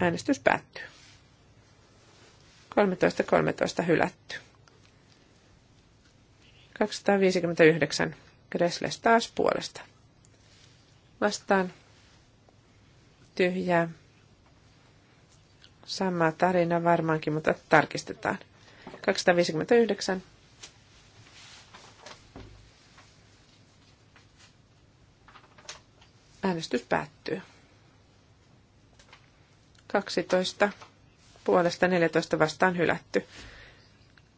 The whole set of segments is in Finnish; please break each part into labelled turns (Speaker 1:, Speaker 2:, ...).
Speaker 1: Äänestys päättyy. 13.13 hylätty. 259. Gressles taas puolesta. Vastaan. Tyhjää. Sama tarina varmaankin, mutta tarkistetaan. 259. Äänestys päättyy. 13.13. 12 puolesta 14 vastaan hylätty.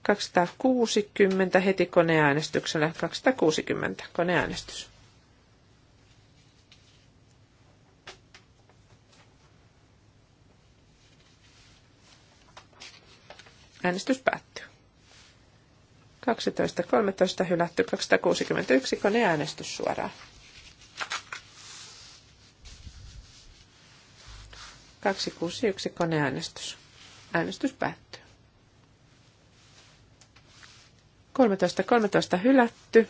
Speaker 1: 260 heti koneäänestyksellä. 260 koneäänestys. Äänestys päättyy. 12.13 hylätty 261 koneäänestys suoraan. 261 koneäänestys. Äänestys päättyy. 13, 13 hylätty.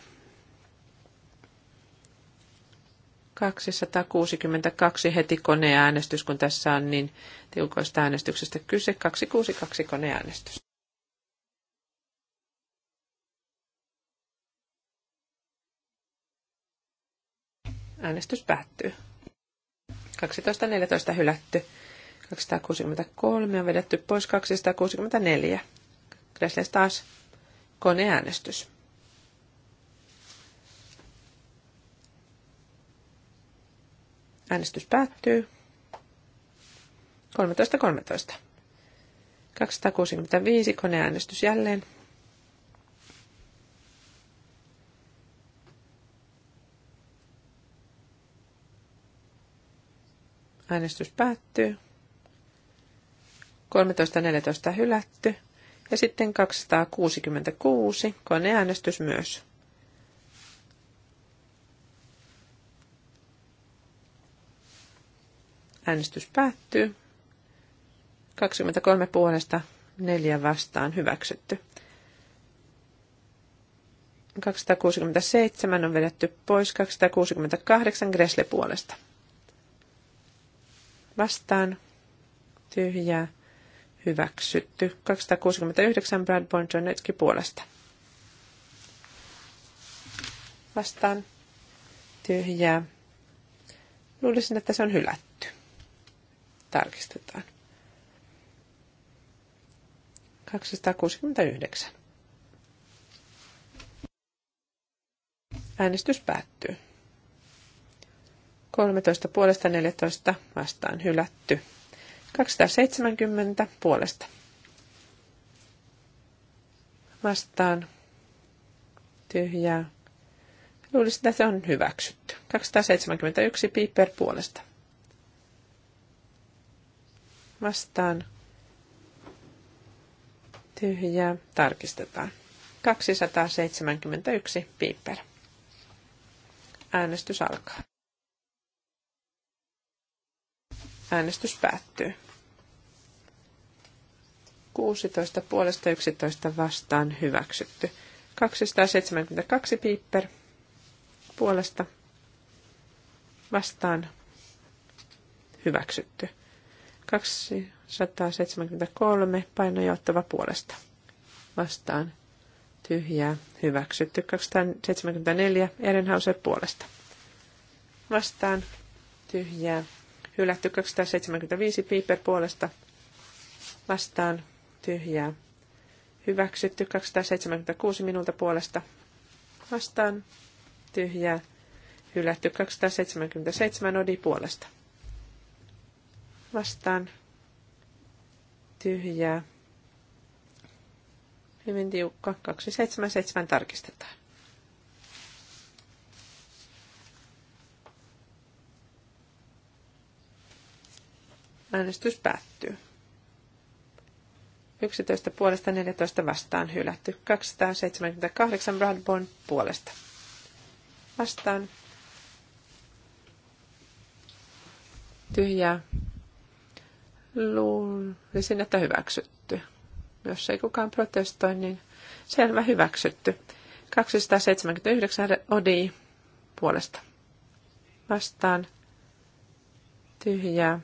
Speaker 1: 262 heti koneäänestys, kun tässä on niin tiukoista äänestyksestä kyse. 262 koneäänestys. Äänestys päättyy. 12.14 hylätty. 263 on vedetty pois 264. Gressles taas koneäänestys. Äänestys päättyy. 13.13. 13. 265 koneäänestys jälleen. Äänestys päättyy. 13.14 hylätty. Ja sitten 266, koneäänestys myös. Äänestys päättyy. 23 puolesta, 4 vastaan hyväksytty. 267 on vedetty pois, 268 Gresle puolesta. Vastaan, tyhjää, hyväksytty. 269 Brad Bonjonetski puolesta. Vastaan tyhjää. Luulisin, että se on hylätty. Tarkistetaan. 269. Äänestys päättyy. 13 puolesta 14 vastaan hylätty. 270 puolesta. Vastaan tyhjää. Luulisin, että se on hyväksytty. 271 piper puolesta. Vastaan tyhjää. Tarkistetaan. 271 piper. Äänestys alkaa. Äänestys päättyy. 16 puolesta 11 vastaan hyväksytty. 272 piipper puolesta vastaan hyväksytty. 273 painoja ottava puolesta vastaan tyhjää hyväksytty. 274 Erenhauser puolesta vastaan tyhjää hylätty. 275 Piper puolesta vastaan tyhjää. Hyväksytty 276 minulta puolesta vastaan tyhjää. Hylätty 277 odi puolesta. Vastaan tyhjää. Hyvin tiukka. 277 tarkistetaan. Äänestys päättyy. 11 puolesta 14 vastaan hylätty. 278 Bradborn puolesta. Vastaan. Tyhjää. Luulisin, että hyväksytty. Jos ei kukaan protestoi, niin selvä hyväksytty. 279 Odi puolesta. Vastaan. Tyhjää.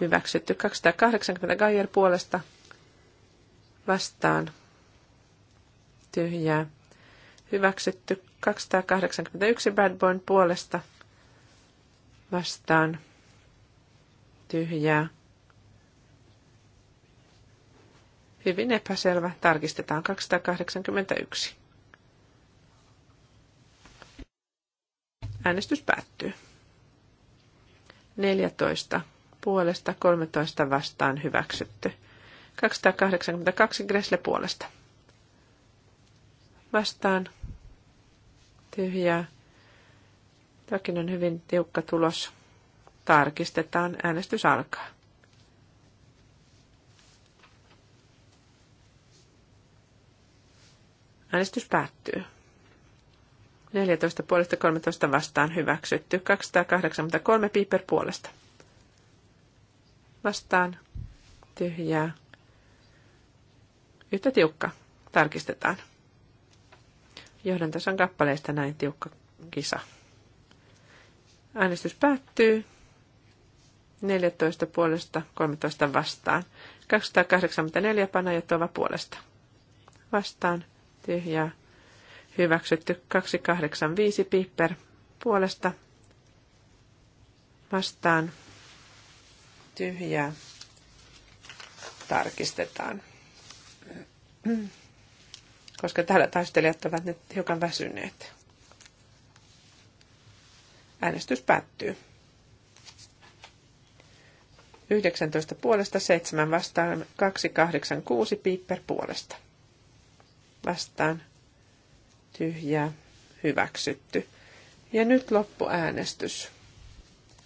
Speaker 1: Hyväksytty. 280 Gaier puolesta vastaan tyhjää. Hyväksytty 281 Bad Boyn puolesta vastaan tyhjää. Hyvin epäselvä. Tarkistetaan 281. Äänestys päättyy. 14 puolesta 13 vastaan hyväksytty. 282 Gressle puolesta. Vastaan tyhjää. Tämäkin on hyvin tiukka tulos. Tarkistetaan. Äänestys alkaa. Äänestys päättyy. 14 puolesta 13 vastaan hyväksytty. 283 piiper puolesta. Vastaan tyhjää yhtä tiukka. Tarkistetaan. Johdantason kappaleista näin tiukka kisa. Äänestys päättyy. 14 puolesta, 13 vastaan. 284 panajatoa puolesta. Vastaan, tyhjää. Hyväksytty 285 piper puolesta. Vastaan, tyhjää. Tarkistetaan koska täällä taistelijat ovat nyt hiukan väsyneet. Äänestys päättyy. 19 puolesta, 7 vastaan, 286 piipper puolesta. Vastaan, tyhjää, hyväksytty. Ja nyt loppuäänestys.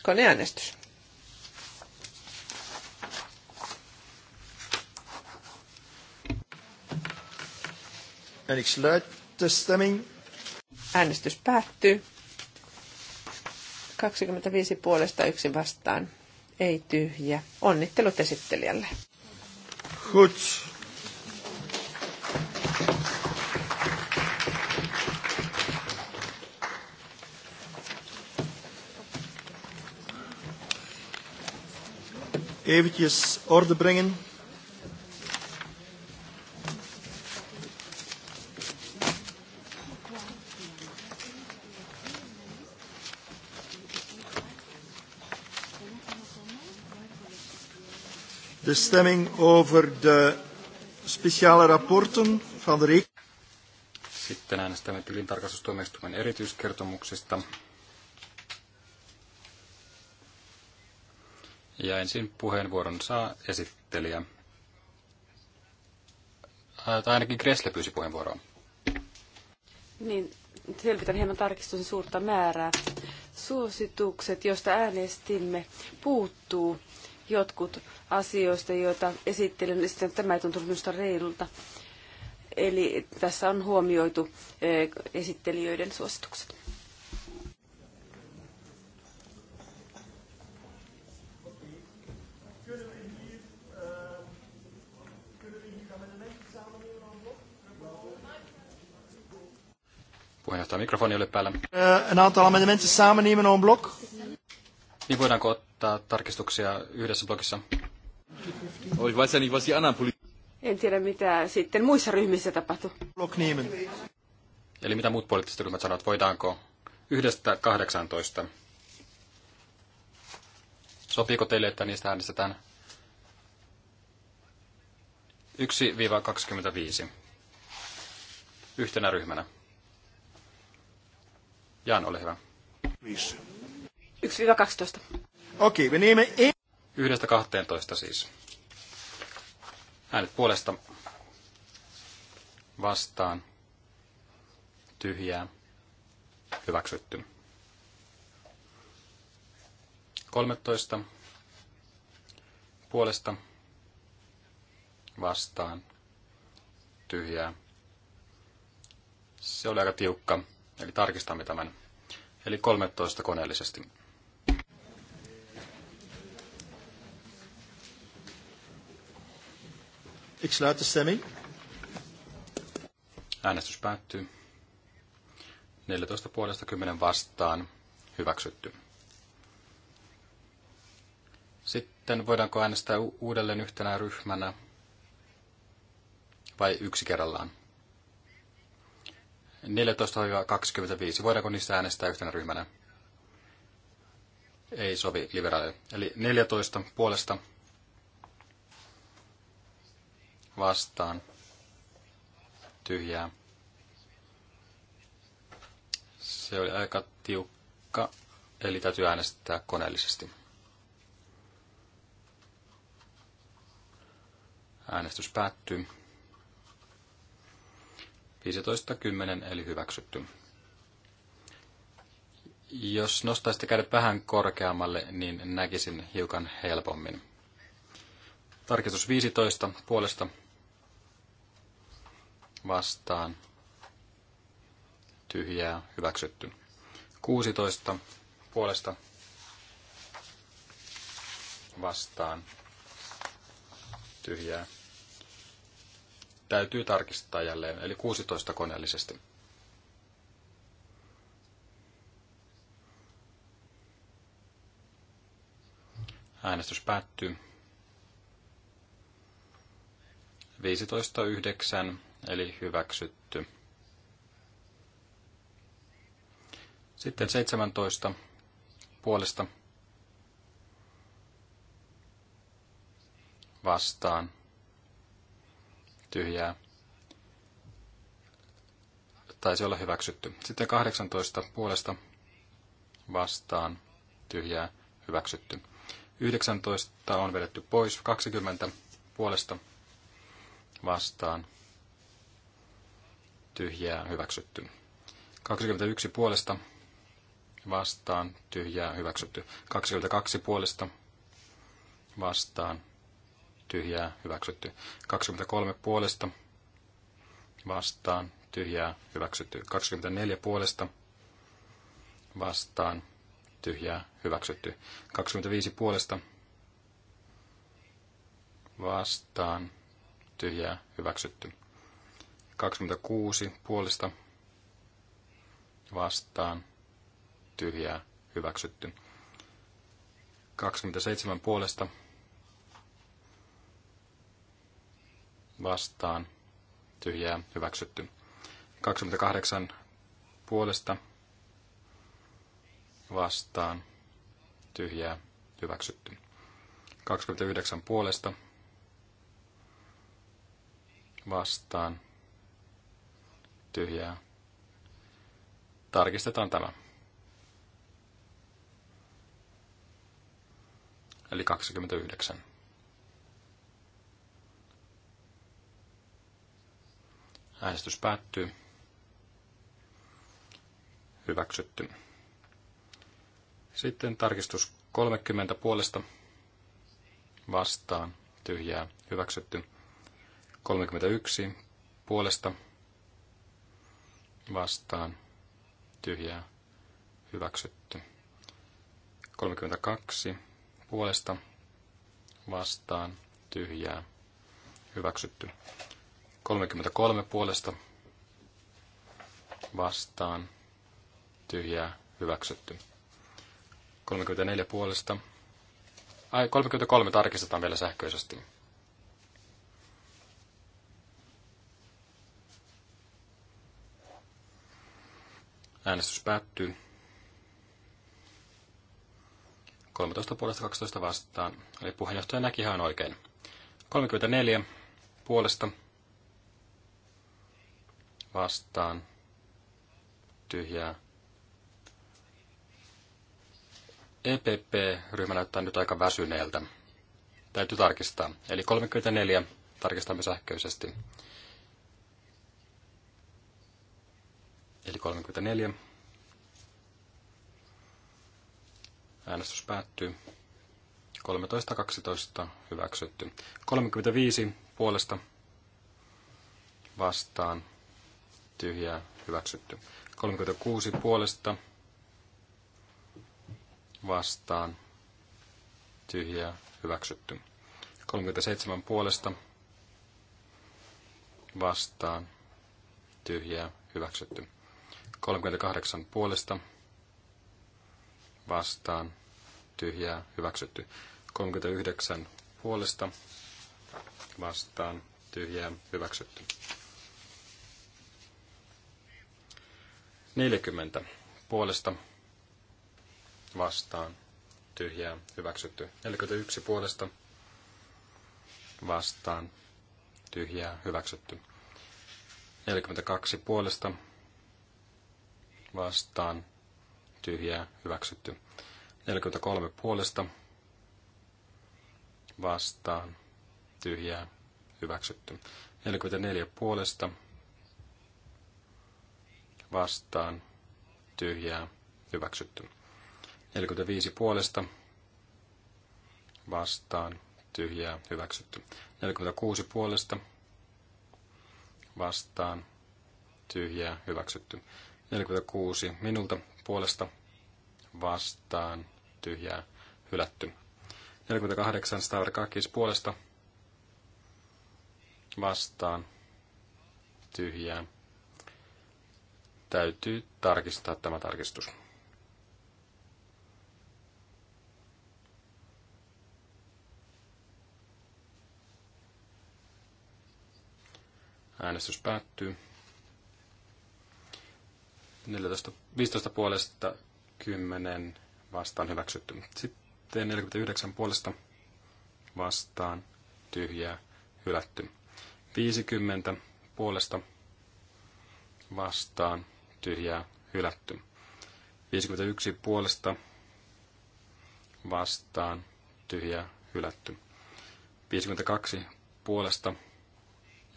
Speaker 1: Koneäänestys. En sluit Äänestys päättyy. 25 puolesta yksi vastaan. Ei tyhjä. Onnittelut esittelijälle. Huts.
Speaker 2: Eventjes orde brengen. de stemming over de speciale rapporten van de rekening. Sitten äänestämme tilintarkastustoimistuksen erityiskertomuksista. Ja ensin puheenvuoron saa esittelijä. Tai ainakin Gressle pyysi puheenvuoroa.
Speaker 3: Niin, selvitän hieman tarkistuksen suurta määrää. Suositukset, joista äänestimme, puuttuu jotkut asioista, joita esittelin, niin tämä ei tuntunut minusta reilulta. Eli tässä on huomioitu eh, esittelijöiden suositukset.
Speaker 2: Puheenjohtaja, mikrofoni oli päällä.
Speaker 3: Eh, een aantal amendementen samenemen on blok.
Speaker 2: Niin voidaanko ehdottaa tarkistuksia yhdessä blogissa? Oh,
Speaker 3: en tiedä, mitä sitten muissa ryhmissä tapahtuu.
Speaker 2: Eli mitä muut poliittiset ryhmät sanovat, voidaanko yhdestä 18? Sopiiko teille, että niistä äänestetään 1-25 yhtenä ryhmänä? Jaan, ole hyvä. 1-12. Okei, okay, me niemme... Yhdestä 12 siis. Äänet puolesta vastaan tyhjää hyväksytty. 13 puolesta vastaan tyhjää. Se oli aika tiukka, eli tarkistamme tämän. Eli 13 koneellisesti.
Speaker 3: Ik sluit de stemming.
Speaker 2: Äänestys päättyy. 14 puolesta 10 vastaan. Hyväksytty. Sitten voidaanko äänestää uudelleen yhtenä ryhmänä vai yksi kerrallaan? 14-25. Voidaanko niistä äänestää yhtenä ryhmänä? Ei sovi liberaaleille. Eli 14 puolesta vastaan tyhjää. Se oli aika tiukka, eli täytyy äänestää koneellisesti. Äänestys päättyy. 15.10 eli hyväksytty. Jos nostaisitte kädet vähän korkeammalle, niin näkisin hiukan helpommin. Tarkistus 15 puolesta vastaan tyhjää hyväksytty. 16 puolesta vastaan tyhjää. Täytyy tarkistaa jälleen, eli 16 koneellisesti. Äänestys päättyy. 15.9 eli hyväksytty. Sitten 17 puolesta vastaan tyhjää. Taisi olla hyväksytty. Sitten 18 puolesta vastaan tyhjää hyväksytty. 19 on vedetty pois, 20 puolesta vastaan tyhjää hyväksytty. 21 puolesta vastaan tyhjää hyväksytty. 22 puolesta vastaan tyhjää hyväksytty. 23 puolesta vastaan tyhjää hyväksytty. 24 puolesta vastaan tyhjää hyväksytty. 25 puolesta vastaan tyhjää hyväksytty. 26 puolista vastaan tyhjää hyväksytty. 27 puolesta vastaan tyhjää hyväksytty. 28 puolesta vastaan tyhjää hyväksytty. 29 puolesta vastaan tyhjää. Tarkistetaan tämä. Eli 29. Äänestys päättyy. Hyväksytty. Sitten tarkistus 30 puolesta vastaan tyhjää hyväksytty. 31 puolesta vastaan tyhjää hyväksytty. 32 puolesta vastaan tyhjää hyväksytty. 33 puolesta vastaan tyhjää hyväksytty. 34 puolesta. Ai, 33 tarkistetaan vielä sähköisesti. Äänestys päättyy. 13 puolesta 12 vastaan, eli puheenjohtaja näki ihan oikein. 34 puolesta vastaan tyhjää. EPP-ryhmä näyttää nyt aika väsyneeltä. Täytyy tarkistaa. Eli 34 tarkistamme sähköisesti. Eli 34. Äänestys päättyy. 13.12 hyväksytty. 35 puolesta vastaan tyhjää hyväksytty. 36 puolesta vastaan tyhjää hyväksytty. 37 puolesta vastaan tyhjää hyväksytty. 38 puolesta vastaan tyhjää hyväksytty. 39 puolesta vastaan tyhjää hyväksytty. 40 puolesta vastaan tyhjää hyväksytty. 41 puolesta vastaan tyhjää hyväksytty. 42 puolesta vastaan, vastaan tyhjää hyväksytty. 43 puolesta vastaan tyhjää hyväksytty. 44 puolesta vastaan tyhjää hyväksytty. 45 puolesta vastaan tyhjää hyväksytty. 46 puolesta vastaan tyhjää hyväksytty. 46 minulta puolesta vastaan tyhjää hylätty. 48 Stavrakakis puolesta vastaan tyhjää. Täytyy tarkistaa tämä tarkistus. Äänestys päättyy. 14, 15 puolesta 10 vastaan hyväksytty. Sitten 49 puolesta vastaan tyhjää hylätty. 50 puolesta vastaan tyhjää hylätty. 51 puolesta vastaan tyhjää hylätty. 52 puolesta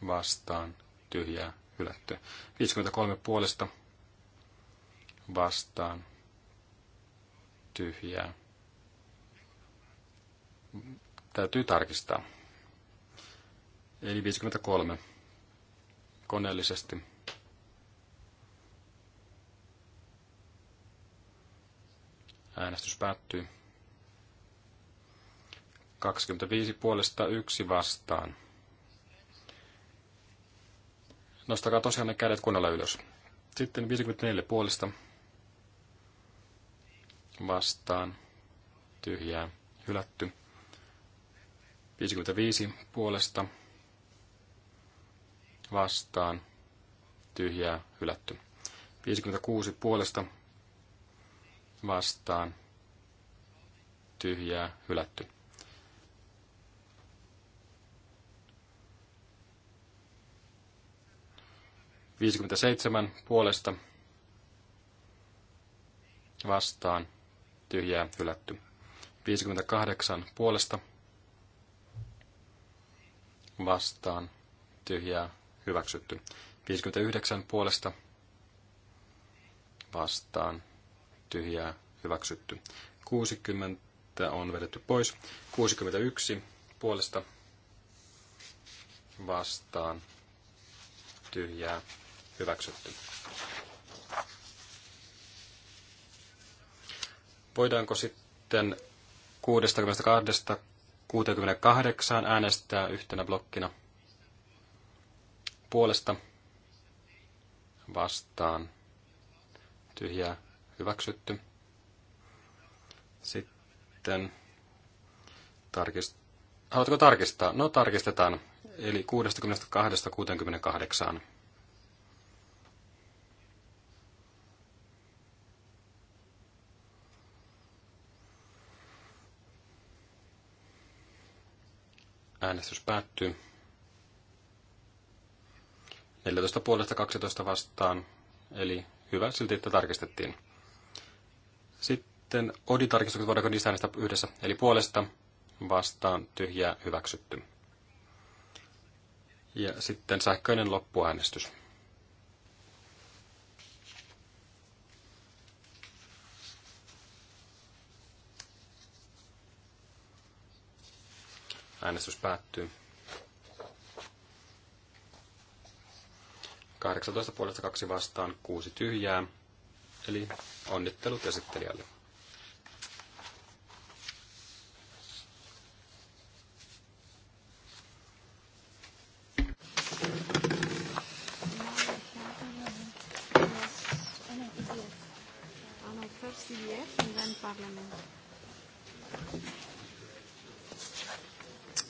Speaker 2: vastaan tyhjää hylätty. 53 puolesta vastaan, vastaan tyhjää. Täytyy tarkistaa. Eli 53 koneellisesti. Äänestys päättyy. 25 puolesta yksi vastaan. Nostakaa tosiaan ne kädet kunnolla ylös. Sitten 54 puolesta vastaan tyhjää hylätty. 55 puolesta vastaan tyhjää hylätty. 56 puolesta vastaan tyhjää hylätty. seitsemän puolesta vastaan tyhjää hylätty. 58 puolesta vastaan tyhjää hyväksytty. 59 puolesta vastaan tyhjää hyväksytty. 60 on vedetty pois. 61 puolesta vastaan tyhjää hyväksytty. Voidaanko sitten 62-68 äänestää yhtenä blokkina puolesta vastaan tyhjää hyväksytty. Sitten tarkist... haluatko tarkistaa? No tarkistetaan. Eli 62-68. Äänestys päättyy. 14 puolesta 12 vastaan, eli hyvä silti, että tarkistettiin. Sitten oditarkistukset voidaanko niistä äänestää yhdessä, eli puolesta vastaan tyhjää hyväksytty. Ja sitten sähköinen loppuäänestys. Äänestys päättyy. 18 puolesta kaksi vastaan, kuusi tyhjää. Eli onnittelut esittelijälle.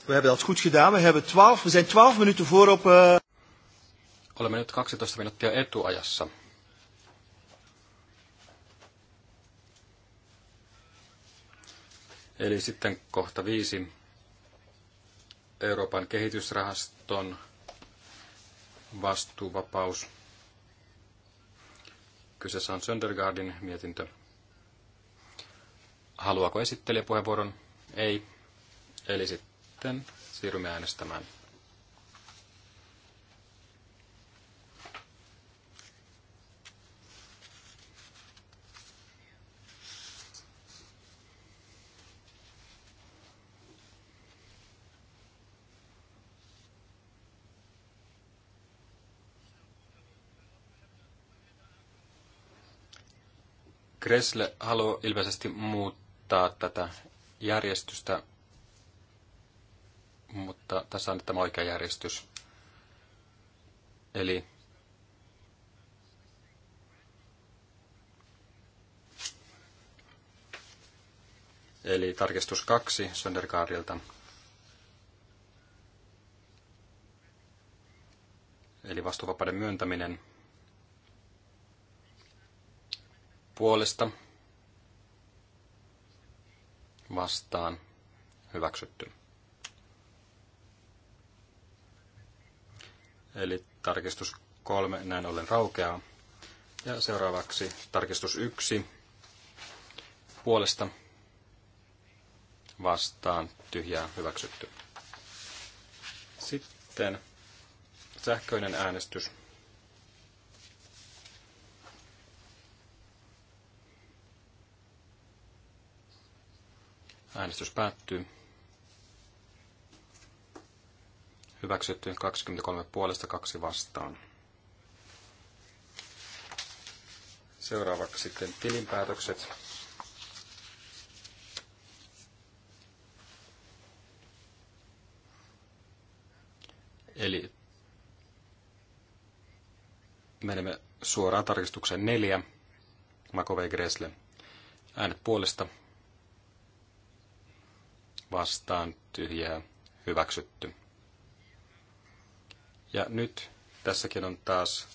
Speaker 2: We hebben dat goed gedaan. We, hebben 12, we zijn 12 minuten voor op... Uh... Olemme nyt 12 minuuttia etuajassa. Eli sitten kohta viisi. Euroopan kehitysrahaston vastuuvapaus. Kyseessä on Söndergaardin mietintö. Haluaako esittelijä puheenvuoron? Ei. Eli sitten sitten siirrymme äänestämään. Kresle haluaa ilmeisesti muuttaa tätä järjestystä mutta tässä on nyt tämä oikea järjestys. Eli Eli tarkistus kaksi Söndergaardilta. Eli vastuuvapauden myöntäminen puolesta vastaan hyväksytty. eli tarkistus kolme näin ollen raukeaa. Ja seuraavaksi tarkistus yksi puolesta vastaan tyhjää hyväksytty. Sitten sähköinen äänestys. Äänestys päättyy. hyväksytty 23 puolesta kaksi vastaan. Seuraavaksi sitten tilinpäätökset. Eli menemme suoraan tarkistukseen neljä. Makove Gresle. Äänet puolesta. Vastaan tyhjää. Hyväksytty. Ja nyt tässäkin on taas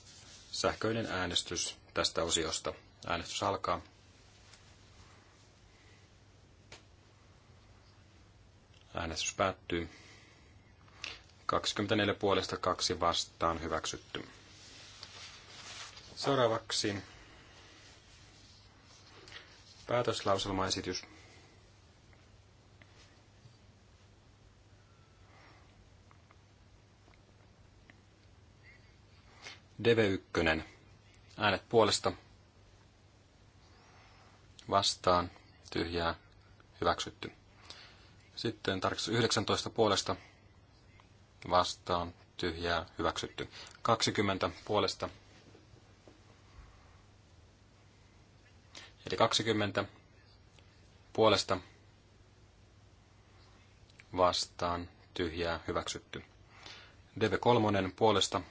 Speaker 2: sähköinen äänestys tästä osiosta. Äänestys alkaa. Äänestys päättyy. 24 puolesta 2 vastaan hyväksytty. Seuraavaksi päätöslauselmaesitys. Deve ykkönen, Äänet puolesta. Vastaan. Tyhjää. Hyväksytty. Sitten tarkistus 19 puolesta. Vastaan. Tyhjää. Hyväksytty. 20 puolesta. Eli 20 puolesta vastaan tyhjää hyväksytty. Deve kolmonen puolesta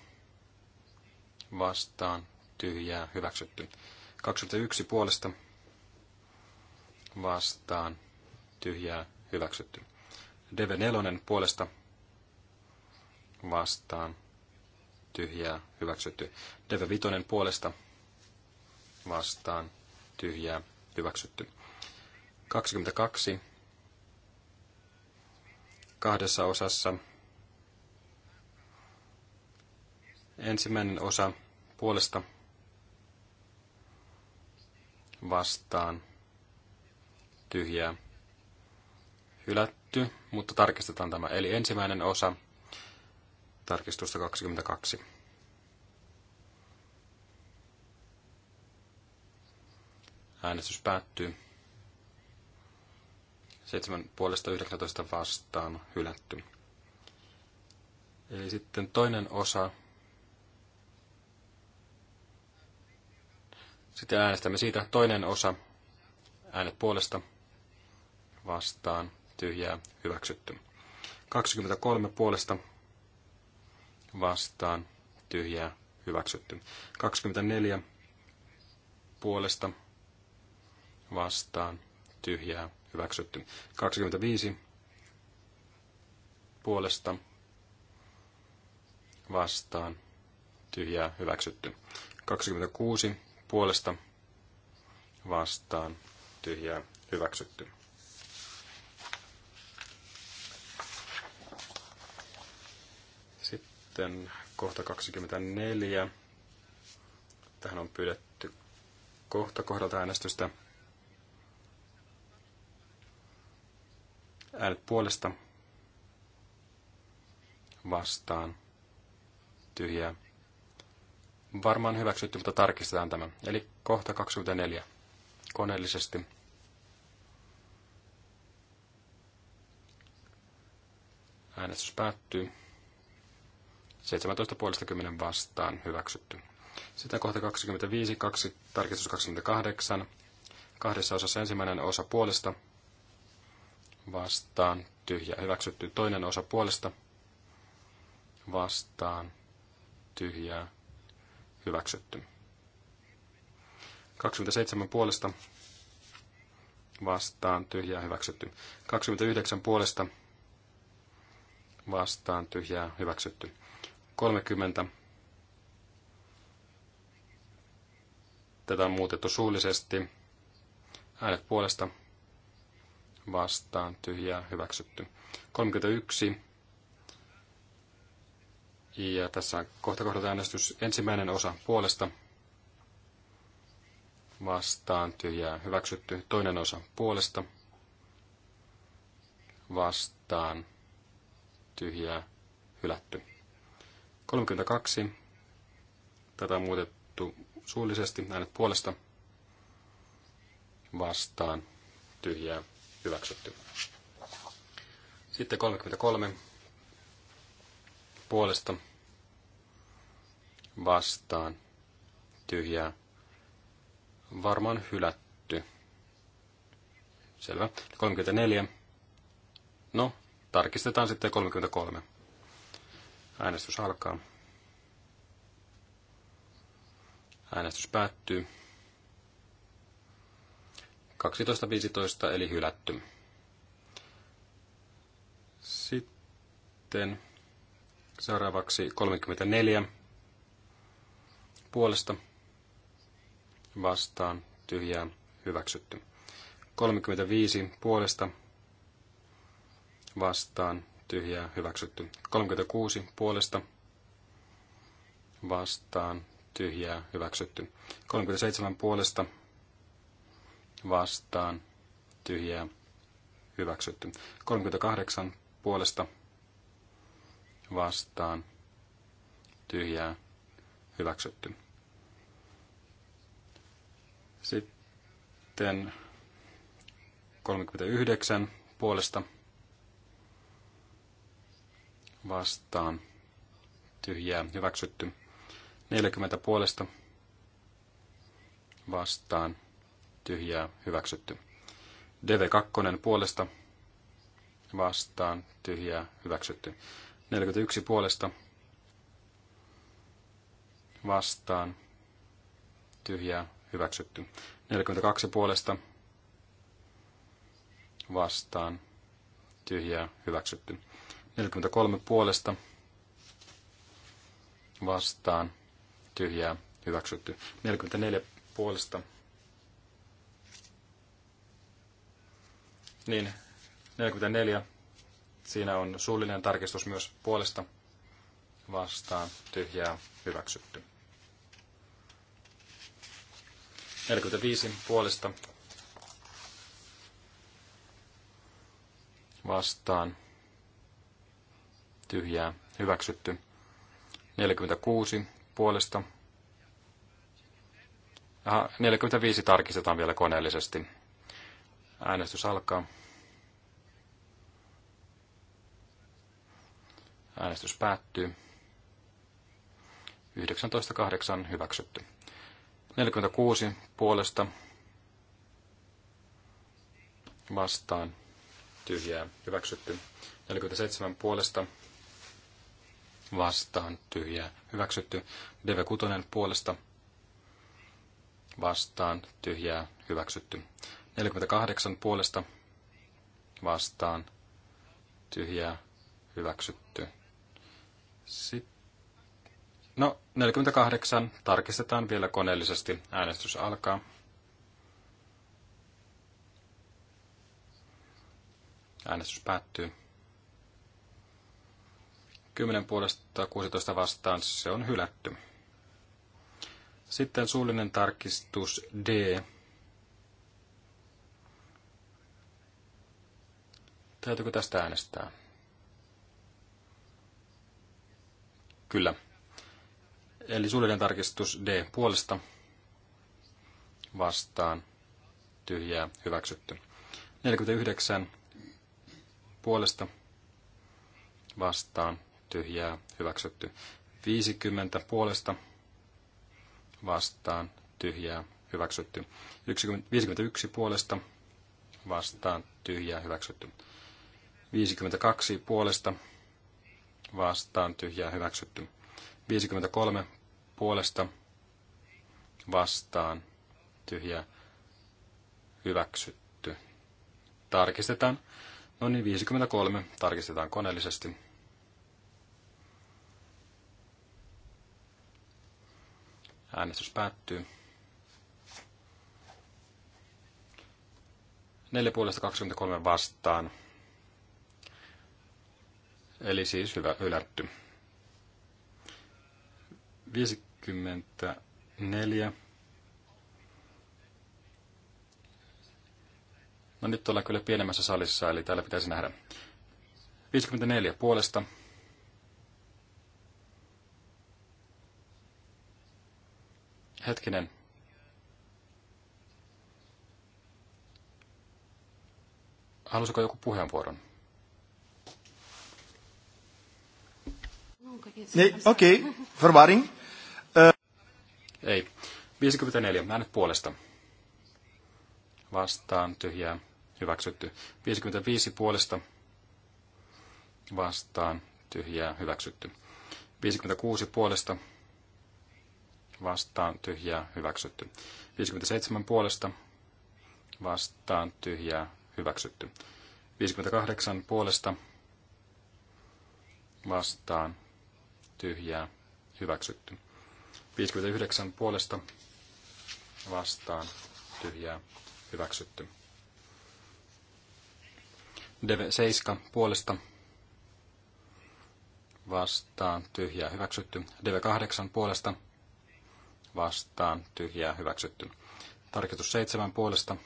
Speaker 2: vastaan tyhjää hyväksytty. 21 puolesta vastaan tyhjää hyväksytty. DV4 puolesta vastaan tyhjää hyväksytty. DV5 puolesta vastaan tyhjää hyväksytty. 22 kahdessa osassa. Ensimmäinen osa puolesta vastaan tyhjää hylätty, mutta tarkistetaan tämä. Eli ensimmäinen osa tarkistusta 22. Äänestys päättyy. 7 puolesta 19 vastaan hylätty. Eli sitten toinen osa Sitten äänestämme siitä toinen osa. Äänet puolesta vastaan tyhjää hyväksytty. 23 puolesta vastaan tyhjää hyväksytty. 24 puolesta vastaan tyhjää hyväksytty. 25 puolesta vastaan tyhjää hyväksytty. 26 puolesta vastaan tyhjää hyväksytty. Sitten kohta 24. Tähän on pyydetty kohta kohdalta äänestystä. Äänet puolesta vastaan tyhjää varmaan hyväksytty, mutta tarkistetaan tämä. Eli kohta 24 koneellisesti. Äänestys päättyy. 17 puolesta 10 vastaan hyväksytty. Sitten kohta 25, kaksi, tarkistus 28. Kahdessa osassa ensimmäinen osa puolesta vastaan tyhjä hyväksytty. Toinen osa puolesta vastaan tyhjää hyväksytty. 27 puolesta vastaan tyhjää hyväksytty. 29 puolesta vastaan tyhjää hyväksytty. 30. Tätä on muutettu suullisesti. Äänet puolesta vastaan tyhjää hyväksytty. 31 ja tässä on kohta kohdata äänestys ensimmäinen osa puolesta vastaan tyhjää hyväksytty. Toinen osa puolesta vastaan tyhjää hylätty. 32. Tätä on muutettu suullisesti. Äänet puolesta vastaan tyhjää hyväksytty. Sitten 33 puolesta vastaan tyhjää varmaan hylätty. Selvä. 34. No, tarkistetaan sitten 33. Äänestys alkaa. Äänestys päättyy. 12.15 eli hylätty. Sitten Seuraavaksi 34 puolesta vastaan tyhjää hyväksytty. 35 puolesta vastaan tyhjää hyväksytty. 36 puolesta vastaan tyhjää hyväksytty. 37 puolesta vastaan tyhjää hyväksytty. 38 puolesta vastaan, vastaan tyhjää hyväksytty. Sitten 39 puolesta vastaan tyhjää hyväksytty. 40 puolesta vastaan tyhjää hyväksytty. DV2 puolesta vastaan tyhjää hyväksytty. 41 puolesta vastaan tyhjää hyväksytty. 42 puolesta vastaan tyhjää hyväksytty. 43 puolesta vastaan tyhjää hyväksytty. 44 puolesta niin 44 Siinä on suullinen tarkistus myös puolesta vastaan tyhjää hyväksytty. 45 puolesta vastaan tyhjää hyväksytty. 46 puolesta. Aha, 45 tarkistetaan vielä koneellisesti. Äänestys alkaa. Äänestys päättyy. 19.8. hyväksytty. 46 puolesta vastaan tyhjää hyväksytty. 47 puolesta vastaan tyhjää hyväksytty. DV6 puolesta vastaan tyhjää hyväksytty. 48 puolesta vastaan tyhjää hyväksytty. Sitten, no, 48. Tarkistetaan vielä koneellisesti. Äänestys alkaa. Äänestys päättyy. 10 puolesta 16 vastaan se on hylätty. Sitten suullinen tarkistus D. Täytyykö tästä äänestää? Kyllä. Eli suullinen tarkistus D puolesta vastaan tyhjää hyväksytty. 49 puolesta vastaan tyhjää hyväksytty. 50 puolesta vastaan tyhjää hyväksytty. 51 puolesta vastaan tyhjää hyväksytty. 52 puolesta vastaan, vastaan tyhjää hyväksytty. 53 puolesta vastaan tyhjää hyväksytty. Tarkistetaan. No niin, 53 tarkistetaan koneellisesti. Äänestys päättyy. 4 puolesta 23 vastaan. Eli siis hyvä ylätty. 54. No nyt ollaan kyllä pienemmässä salissa, eli täällä pitäisi nähdä. 54 puolesta. Hetkinen. Halusiko joku puheenvuoron?
Speaker 3: Ei, okei, okay.
Speaker 2: verwarring. Uh. Ei. 54. Äänet puolesta. Vastaan tyhjää. Hyväksytty. 55 puolesta. Vastaan tyhjää. Hyväksytty. 56 puolesta. Vastaan tyhjää. Hyväksytty. 57 puolesta. Vastaan tyhjää. Hyväksytty. 58 puolesta. Vastaan tyhjää hyväksytty. 59 puolesta vastaan tyhjää hyväksytty. DV7 puolesta vastaan tyhjää hyväksytty. Deve 8 puolesta vastaan tyhjää hyväksytty. Tarkoitus 7 puolesta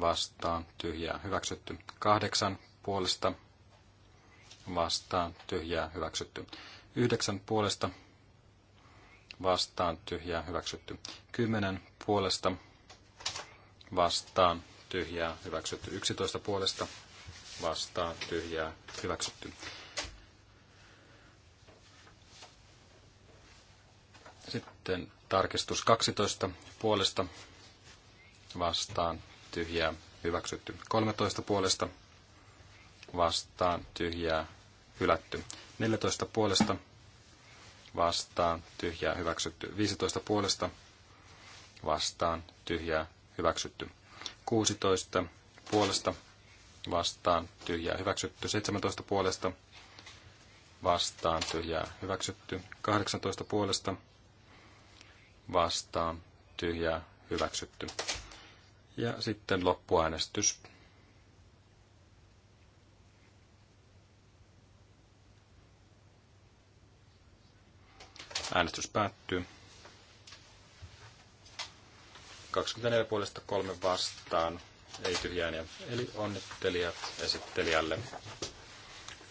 Speaker 2: vastaan tyhjää hyväksytty. 8 puolesta vastaan, vastaan tyhjää hyväksytty. Yhdeksän puolesta vastaan tyhjää hyväksytty. Kymmenen puolesta vastaan tyhjää hyväksytty. Yksitoista puolesta vastaan tyhjää hyväksytty. Sitten tarkistus 12 puolesta vastaan tyhjää hyväksytty. 13 puolesta vastaan tyhjää hylätty. 14 puolesta vastaan tyhjää hyväksytty. 15 puolesta vastaan tyhjää hyväksytty. 16 puolesta vastaan tyhjää hyväksytty. 17 puolesta vastaan tyhjää hyväksytty. 18 puolesta vastaan tyhjää hyväksytty. Ja sitten loppuäänestys Äänestys päättyy. 24 puolesta kolme vastaan, ei tyhjään. Eli onnittelijat esittelijälle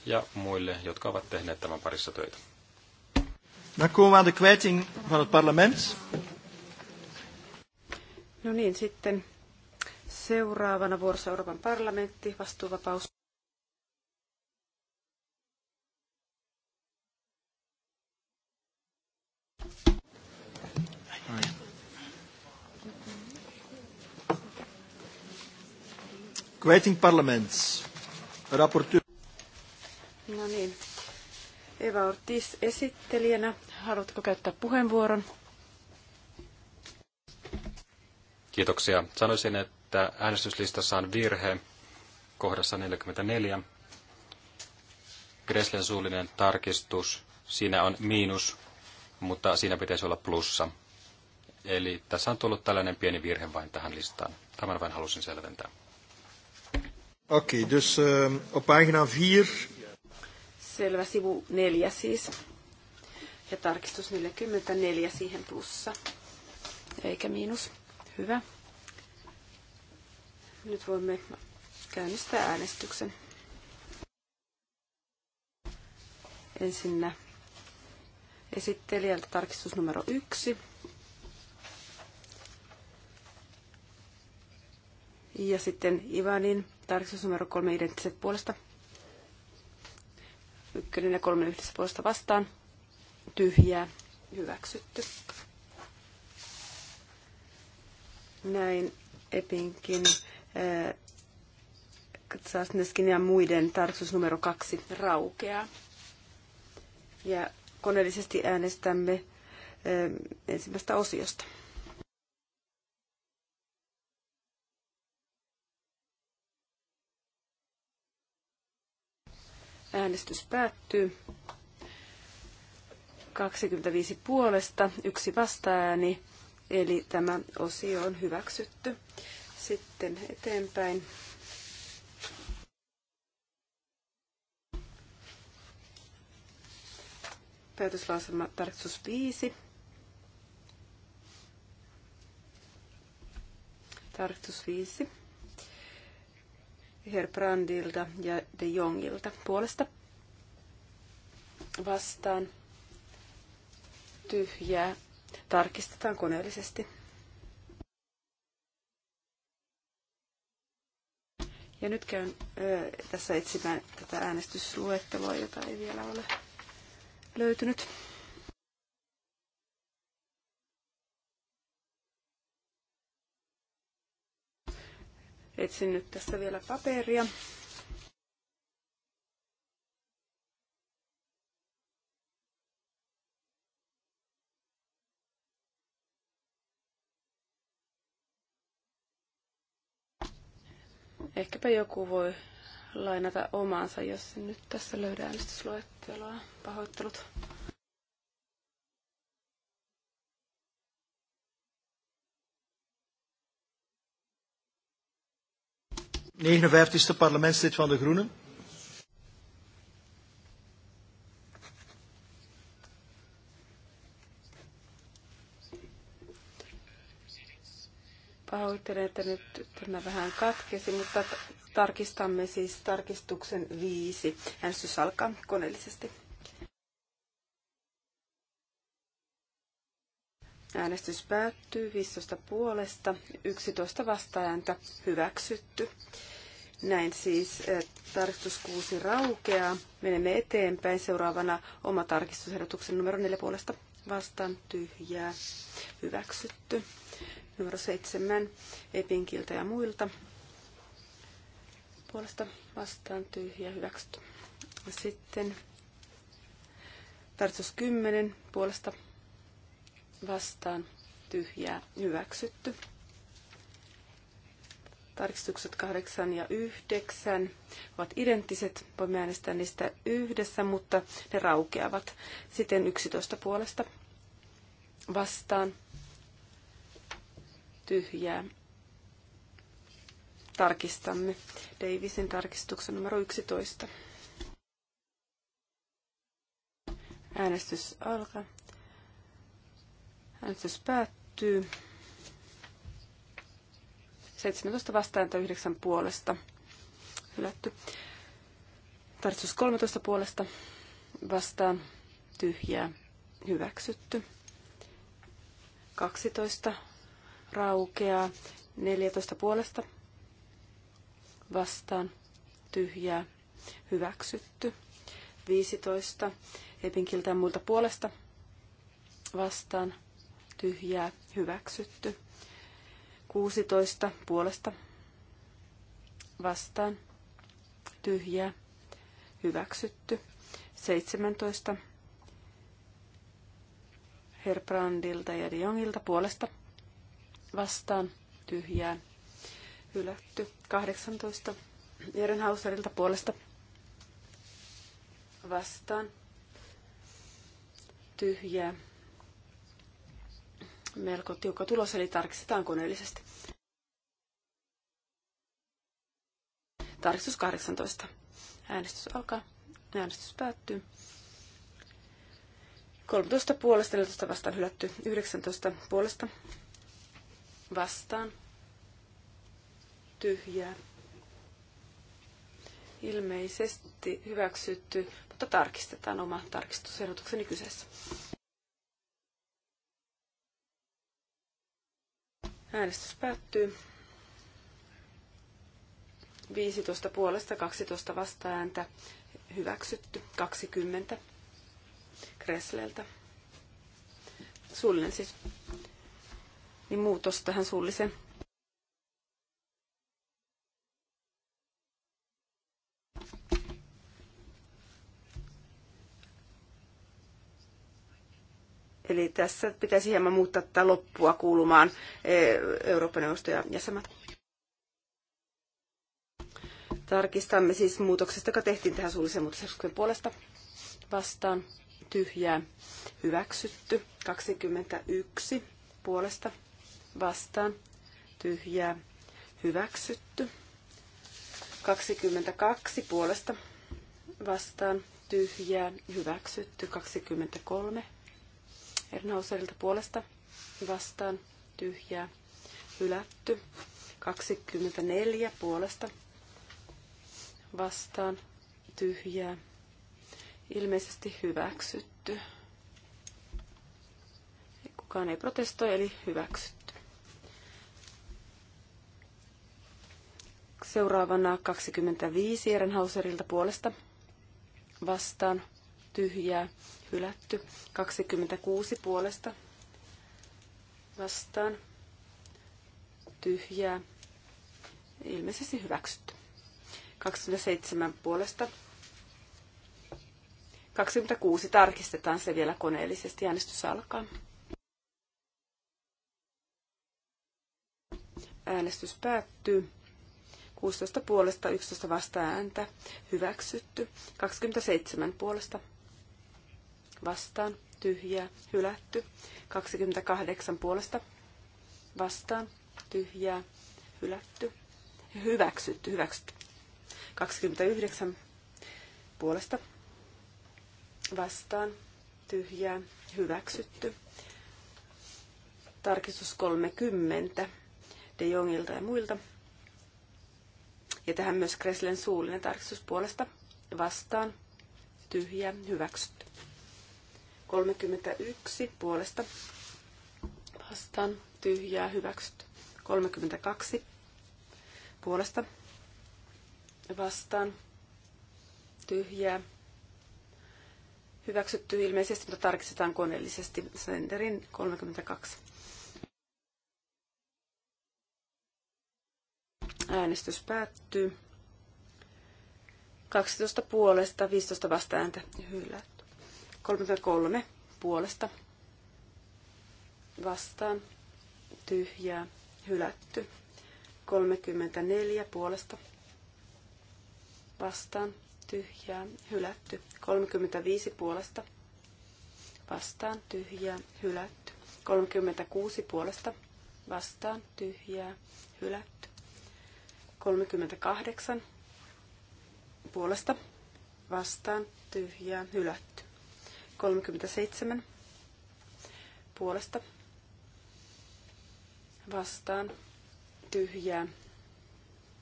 Speaker 2: ja muille, jotka ovat tehneet tämän parissa töitä.
Speaker 3: No niin, sitten seuraavana vuorossa Euroopan parlamentti, vastuuvapaus.
Speaker 2: Kwijting parlement. Rapporteur.
Speaker 3: No niin. Eva Ortiz esittelijänä.
Speaker 1: Haluatko käyttää puheenvuoron?
Speaker 2: Kiitoksia. Sanoisin, että äänestyslistassa on virhe kohdassa 44. Greslen suullinen tarkistus. Siinä on miinus, mutta siinä pitäisi olla plussa. Eli tässä on tullut tällainen pieni virhe vain tähän listaan. Tämän vain halusin selventää. Okei, okay, dus uh, op pagina 4.
Speaker 3: Selvä, sivu 4 siis. Ja tarkistus 44 siihen plussa, eikä miinus. Hyvä. Nyt voimme käynnistää äänestyksen. Ensinnä esittelijältä tarkistus numero 1. Ja sitten Ivanin Tarkistus numero kolme identtiset puolesta. Ykkönen ja kolme yhdessä puolesta vastaan. Tyhjää. Hyväksytty. Näin Epinkin, äh, Saasneskin ja muiden tarkistus numero kaksi raukeaa. Ja koneellisesti äänestämme äh, ensimmäistä osiosta. Äänestys päättyy. 25 puolesta, yksi vastaääni, eli tämä osio on hyväksytty. Sitten eteenpäin. Päätöslauselma tarkistus 5. Tarkistus 5. Brandilta ja De Jongilta puolesta vastaan tyhjää. Tarkistetaan koneellisesti. Ja nyt käyn ö, tässä etsimään tätä äänestysluetteloa, jota ei vielä ole löytynyt. Etsin nyt tässä vielä paperia. Ehkäpä joku voi lainata omaansa, jos nyt tässä löydä äänestysluetteloa. Pahoittelut.
Speaker 2: Negenenvijftigste parlementslid van de Groenen.
Speaker 3: Pahoittelen, että nyt tämä vähän katkesi, mutta tarkistamme siis tarkistuksen viisi. Äänestys alkaa koneellisesti. Äänestys päättyy 15 puolesta, 11 vastaääntä hyväksytty. Näin siis tarkistus 6 raukeaa. Menemme eteenpäin. Seuraavana oma tarkistusehdotuksen numero 4 puolesta vastaan tyhjää hyväksytty numero 7 Epinkiltä ja muilta. Puolesta vastaan tyhjä hyväksytty. Sitten tarkoitus 10 puolesta vastaan tyhjää hyväksytty. Tarkistukset 8 ja 9 ovat identtiset. Voimme äänestää niistä yhdessä, mutta ne raukeavat. sitten 11 puolesta vastaan tyhjää. Tarkistamme Davisin tarkistuksen numero 11. Äänestys alkaa. Äänestys päättyy. 17 tai 9 puolesta. Hylätty. Tarkistus 13 puolesta vastaan tyhjää hyväksytty. 12 raukeaa 14 puolesta vastaan tyhjää hyväksytty 15 Epinkiltä muilta puolesta vastaan tyhjää hyväksytty 16 puolesta vastaan tyhjää hyväksytty 17 Herbrandilta ja Diongilta puolesta vastaan tyhjää hylätty. 18 Ehrenhauserilta puolesta vastaan tyhjää. Melko tiukka tulos, eli tarkistetaan koneellisesti. Tarkistus 18. Äänestys alkaa. Äänestys päättyy. 13 puolesta, 14 vastaan hylätty, 19 puolesta vastaan tyhjää. Ilmeisesti hyväksytty, mutta tarkistetaan oma tarkistusehdotukseni kyseessä. Äänestys päättyy. 15 puolesta 12 vastaääntä hyväksytty 20 Kresleltä. Suullinen siis niin muutos tähän suulliseen. Eli tässä pitäisi hieman muuttaa tätä loppua kuulumaan eh, Euroopan neuvosto ja jäsenmät. Tarkistamme siis muutoksesta, joka tehtiin tähän suullisen muutoksen puolesta vastaan. Tyhjää hyväksytty. 21 puolesta vastaan tyhjää hyväksytty. 22 puolesta vastaan tyhjää hyväksytty. 23 Ernauserilta puolesta vastaan tyhjää hylätty. 24 puolesta vastaan tyhjää ilmeisesti hyväksytty. Kukaan ei protestoi, eli hyväksytty. Seuraavana 25 Ehrenhauserilta puolesta vastaan tyhjää hylätty. 26 puolesta vastaan tyhjää ilmeisesti hyväksytty. 27 puolesta 26 tarkistetaan se vielä koneellisesti. Äänestys alkaa. Äänestys päättyy. 16 puolesta, 11 ääntä, hyväksytty. 27 puolesta vastaan, tyhjää, hylätty. 28 puolesta vastaan, tyhjää, hylätty. Hyväksytty, hyväksytty. 29 puolesta vastaan, tyhjää, hyväksytty. Tarkistus 30 De Jongilta ja muilta ja tähän myös Kreslen suullinen tarkistus puolesta vastaan tyhjä hyväksytty. 31 puolesta vastaan tyhjää hyväksytty. 32 puolesta vastaan tyhjää hyväksytty ilmeisesti, mutta tarkistetaan koneellisesti. Senderin 32. Äänestys päättyy. 12 puolesta, 15 vasta ääntä hylätty. 33 puolesta vastaan tyhjää hylätty. 34 puolesta vastaan tyhjää hylätty. 35 puolesta vastaan tyhjää hylätty. 36 puolesta vastaan tyhjää hylätty. 38 puolesta vastaan tyhjää hylätty. 37 puolesta vastaan tyhjää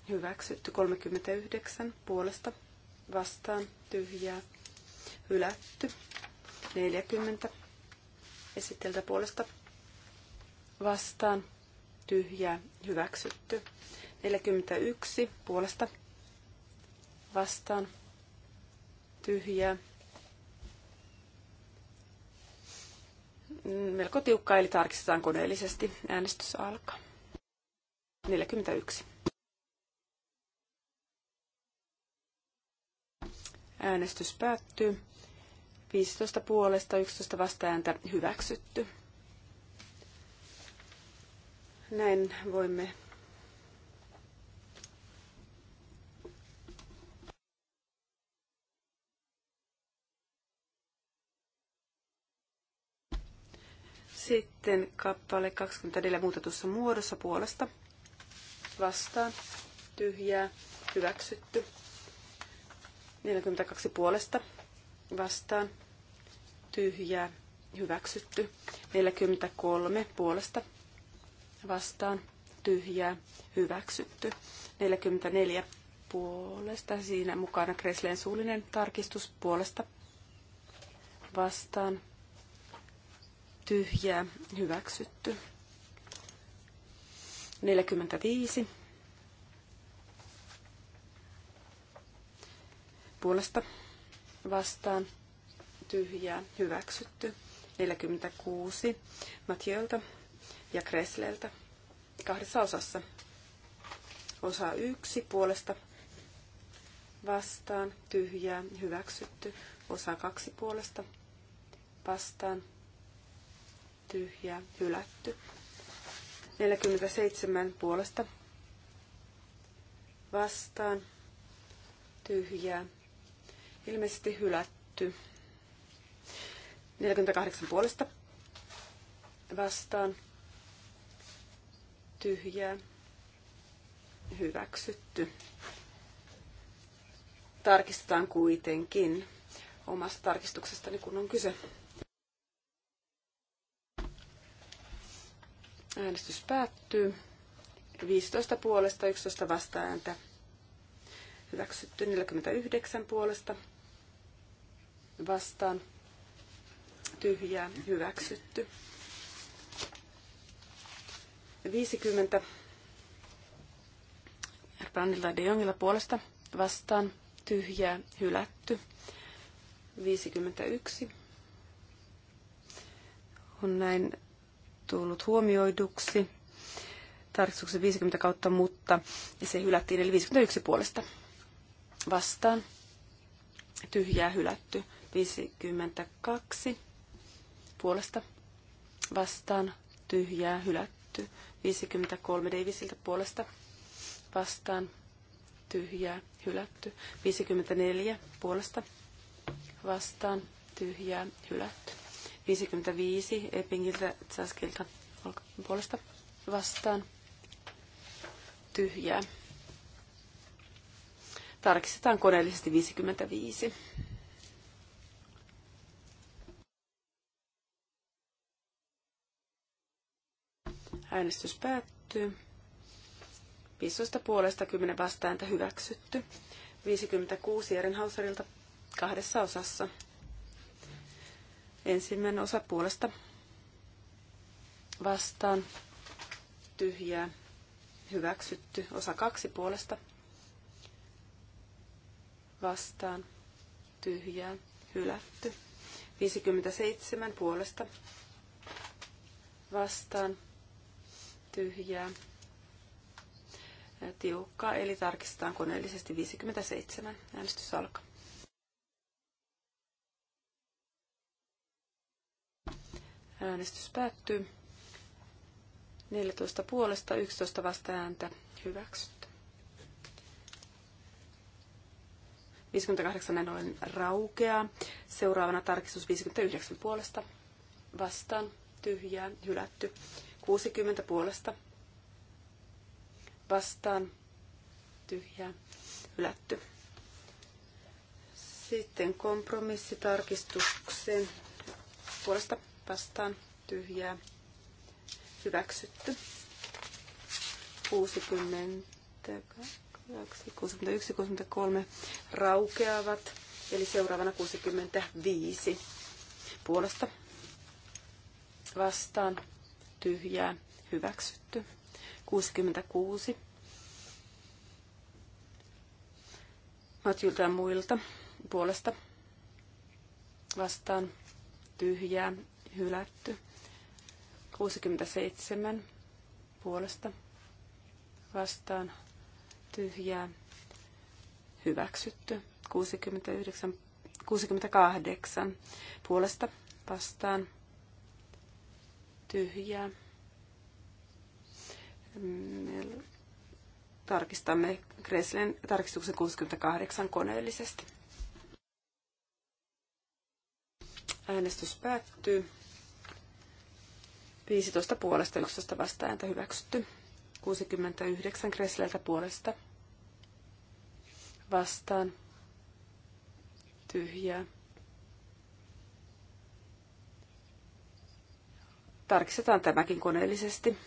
Speaker 3: hyväksytty. 39 puolesta vastaan tyhjää hylätty. 40 esitteltä puolesta vastaan tyhjää hyväksytty. 41 puolesta vastaan tyhjää. Mm, melko tiukka, eli tarkistetaan koneellisesti. Äänestys alkaa. 41. Äänestys päättyy. 15 puolesta, 11 vastaääntä hyväksytty. Näin voimme Sitten kappale 24 muutetussa muodossa puolesta vastaan tyhjää hyväksytty. 42 puolesta vastaan tyhjää hyväksytty. 43 puolesta vastaan tyhjää hyväksytty. 44 puolesta siinä mukana Kresleen suullinen tarkistus puolesta vastaan tyhjää, hyväksytty. 45. Puolesta vastaan tyhjää, hyväksytty. 46. Matiolta ja Kresleltä kahdessa osassa. Osa 1 puolesta vastaan, tyhjää, hyväksytty. Osa 2 puolesta vastaan, tyhjää hylätty. 47 puolesta vastaan tyhjää ilmeisesti hylätty. 48 puolesta vastaan tyhjää hyväksytty. Tarkistetaan kuitenkin omasta tarkistuksestani, kun on kyse. Äänestys päättyy. 15 puolesta, 11 vastaääntä. Hyväksytty 49 puolesta. Vastaan. Tyhjää. Hyväksytty. 50. Brandilla de Jongilla puolesta. Vastaan. Tyhjää. Hylätty. 51. On näin tullut huomioiduksi tarkistuksen 50 kautta, mutta se hylättiin, eli 51 puolesta vastaan. Tyhjää hylätty 52 puolesta vastaan. Tyhjää hylätty 53 Davisiltä puolesta vastaan. Tyhjää hylätty 54 puolesta vastaan. Tyhjää hylätty 55 Eppingiltä Zaskilta puolesta vastaan. Tyhjää. Tarkistetaan koneellisesti 55. Äänestys päättyy. 15 puolesta 10 vastaääntä hyväksytty. 56 Ehrenhauserilta kahdessa osassa. Ensimmäinen osa puolesta vastaan tyhjää hyväksytty. Osa kaksi puolesta vastaan tyhjää hylätty. 57 puolesta vastaan tyhjää tiukkaa, eli tarkistetaan koneellisesti 57. Äänestys alkaa. Äänestys päättyy. 14 puolesta, 11 vasta ääntä hyväksytty. 58 näin raukeaa. Seuraavana tarkistus 59 puolesta. Vastaan, tyhjää, hylätty. 60 puolesta. Vastaan, tyhjää, hylätty. Sitten kompromissitarkistuksen puolesta vastaan tyhjää hyväksytty. 60, 61, 63 raukeavat, eli seuraavana 65 puolesta vastaan tyhjää hyväksytty. 66 Matjulta ja muilta puolesta vastaan tyhjää hylätty. 67 puolesta vastaan tyhjää hyväksytty. 69, 68 puolesta vastaan tyhjää. Mm, tarkistamme Kreslen tarkistuksen 68 koneellisesti. Äänestys päättyy. 15 puolesta 11 vastaääntä hyväksytty. 69 Kressleltä puolesta vastaan tyhjää. Tarkistetaan tämäkin koneellisesti.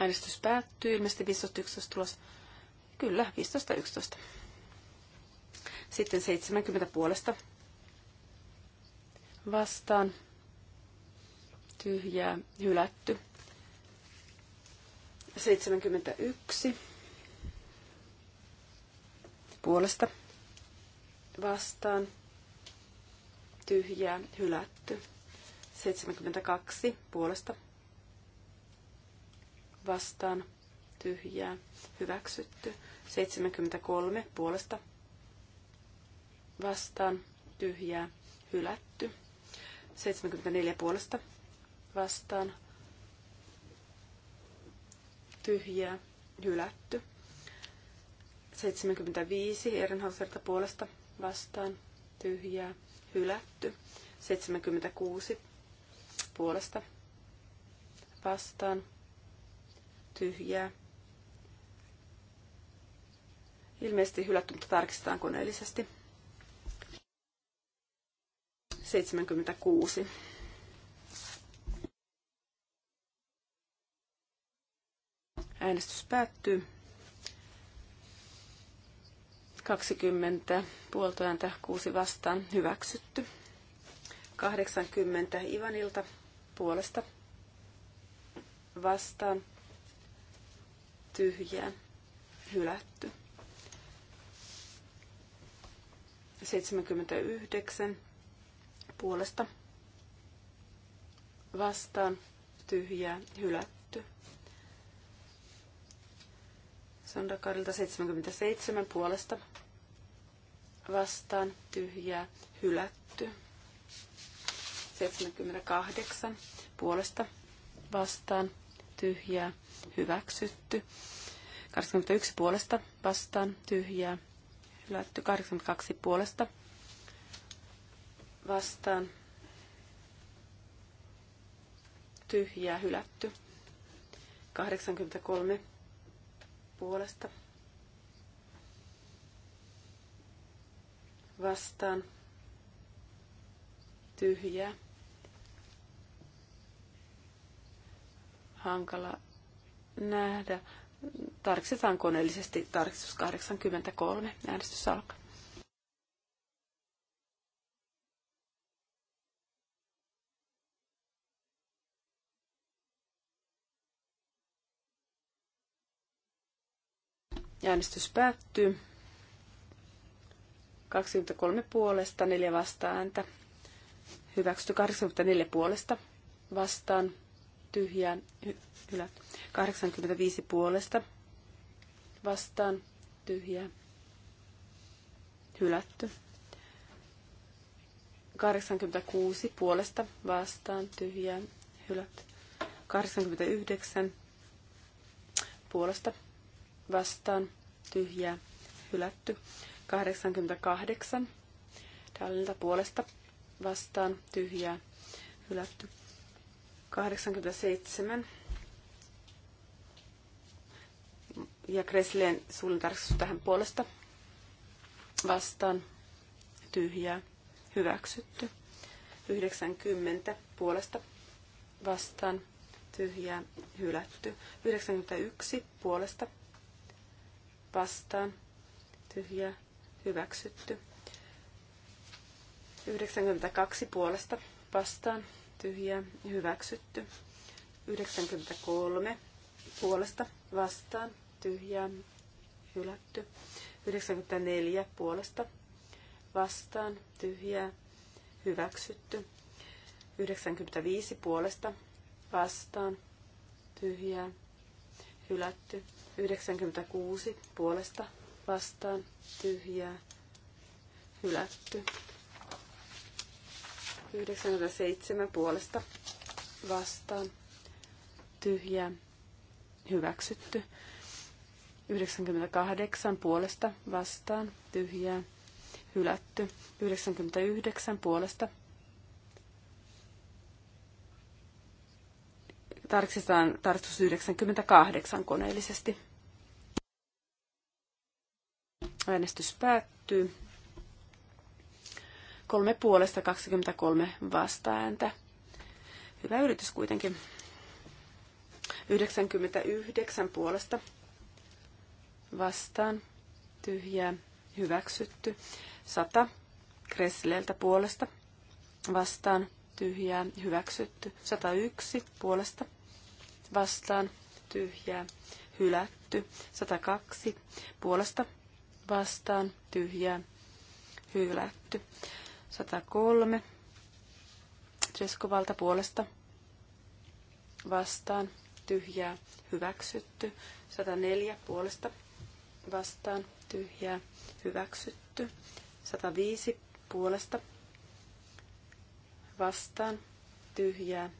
Speaker 3: Äänestys päättyy. Ilmeisesti 15.11. tulos Kyllä, 15-11. Sitten 70 puolesta. Vastaan. Tyhjää, hylätty. 71 puolesta vastaan tyhjää hylätty. 72 puolesta vastaan tyhjää, hyväksytty. 73 puolesta vastaan, tyhjää, hylätty. 74 puolesta vastaan, tyhjää, hylätty. 75 Ehrenhauserta puolesta vastaan, tyhjää, hylätty. 76 puolesta vastaan, tyhjää, Ilmeisesti hylätty, mutta tarkistetaan koneellisesti. 76. Äänestys päättyy. 20 puoltoääntä 6 vastaan hyväksytty. 80 Ivanilta puolesta vastaan tyhjää hylätty. 79 puolesta vastaan tyhjää hylätty. Sondakarilta 77 puolesta vastaan tyhjää hylätty. 78 puolesta vastaan tyhjää hyväksytty. 21 puolesta vastaan tyhjää hylätty 82 puolesta vastaan tyhjää hylätty 83 puolesta vastaan tyhjää hankala nähdä Tarkistetaan koneellisesti tarkistus 83. Äänestys alkaa. Äänestys päättyy. 23 puolesta, 4 vastaääntä. Hyväksytty 84 puolesta vastaan tyhjään hylätty. 85 puolesta vastaan tyhjää hylätty. 86 puolesta vastaan tyhjää hylätty. 89 puolesta vastaan tyhjää hylätty. 88 Dallilta puolesta vastaan tyhjää hylätty. 87. Ja Kresleen suunnitelmatarkastus tähän puolesta vastaan tyhjää hyväksytty. 90 puolesta vastaan tyhjää hylätty. 91 puolesta vastaan tyhjää hyväksytty. 92 puolesta vastaan tyhjä hyväksytty. 93 puolesta vastaan tyhjää hylätty. 94 puolesta vastaan tyhjää hyväksytty. 95 puolesta vastaan tyhjää hylätty. 96 puolesta vastaan tyhjää hylätty. 97 puolesta vastaan Tyhjä. hyväksytty. 98 puolesta vastaan Tyhjä. hylätty. 99 puolesta tarkistetaan tarkistus 98 koneellisesti. Äänestys päättyy. Kolme puolesta 23 vastaääntä. Hyvä yritys kuitenkin. 99 puolesta vastaan tyhjää hyväksytty. 100 Kressleltä puolesta vastaan tyhjää hyväksytty. 101 puolesta vastaan tyhjää hylätty. 102 puolesta vastaan tyhjää hylätty. 103. Treskovalta puolesta vastaan tyhjää hyväksytty. 104 puolesta vastaan tyhjää hyväksytty. 105 puolesta vastaan tyhjää